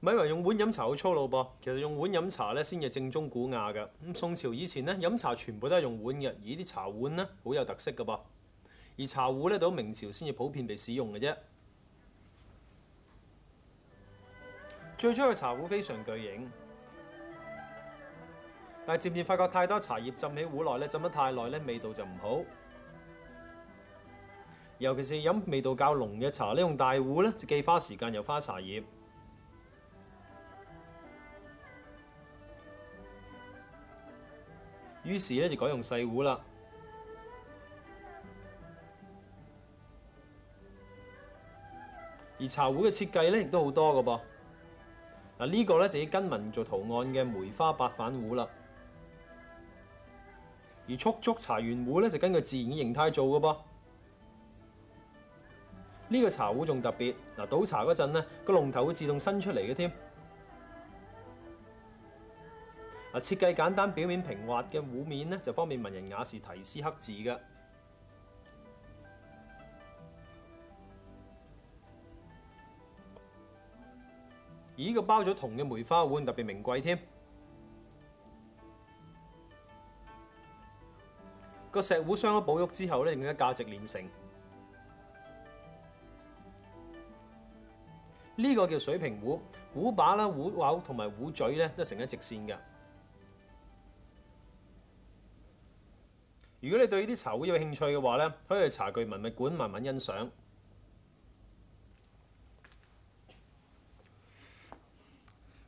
咪以為用碗飲茶好粗魯噃？其實用碗飲茶咧，先係正宗古雅嘅。咁宋朝以前咧，飲茶全部都係用碗嘅。而啲茶碗咧，好有特色嘅噃。而茶壺咧，到明朝先至普遍被使用嘅啫。最初嘅茶壺非常巨型，但係漸漸發覺太多茶葉浸喺壺內咧，浸得太耐咧，味道就唔好。尤其是飲味道較濃嘅茶呢，用大壺咧，就既花時間又花茶葉。於是咧，就改用細壺啦。而茶壺嘅設計咧，亦都好多嘅噃。嗱，呢個咧，就以筋紋做圖案嘅梅花白瓣壺啦。而速速茶圓壺咧，就根據自然嘅形態做嘅噃。呢個茶壺仲特別，嗱，倒茶嗰陣咧，個龍頭會自動伸出嚟嘅添。設計簡單，表面平滑嘅壺面咧，就方便文人雅士提詩刻字嘅。咦？個包咗銅嘅梅花壺特別名貴添，個石壺傷咗保育之後咧，而家價值連城。呢個叫水平壺，壺把啦、壺口同埋壺嘴咧都成咗直線嘅。如果你對呢啲茶壺有興趣嘅話呢，可以去茶具文物館慢慢欣賞。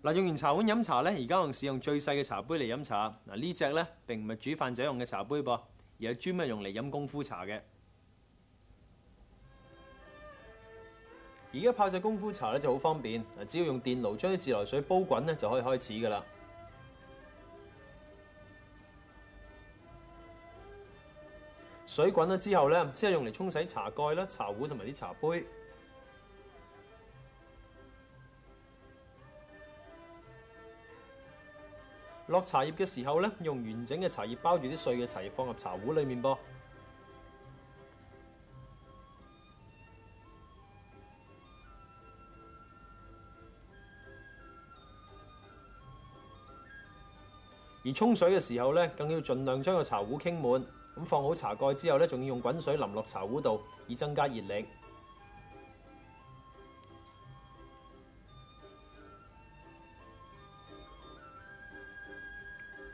嗱，用完茶碗飲茶呢，而家我使用最細嘅茶杯嚟飲茶。嗱，呢隻呢並唔係煮飯仔用嘅茶杯噃，而係專門用嚟飲功夫茶嘅。而家泡製功夫茶呢就好方便，只要用電爐將啲自來水煲滾呢，就可以開始噶啦。水滾咗之後呢先係用嚟沖洗茶蓋啦、茶壺同埋啲茶杯。落茶葉嘅時候呢，用完整嘅茶葉包住啲碎嘅茶葉，放入茶壺裡面噃。而沖水嘅時候呢，更要盡量將個茶壺傾滿。咁放好茶蓋之後呢，仲要用滾水淋落茶壺度，以增加熱力。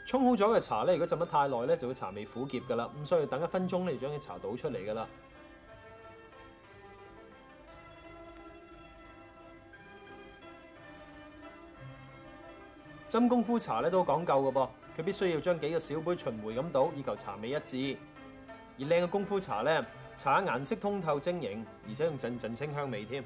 沖好咗嘅茶呢，如果浸得太耐呢，就會茶味苦澀噶啦。咁所以等一分鐘呢，就將啲茶倒出嚟噶啦。真功夫茶呢，都講究噶噃。佢必須要將幾個小杯循迴咁倒，以求茶味一致。而靚嘅功夫茶呢，茶顏色通透晶瑩，而且有陣陣清香味添。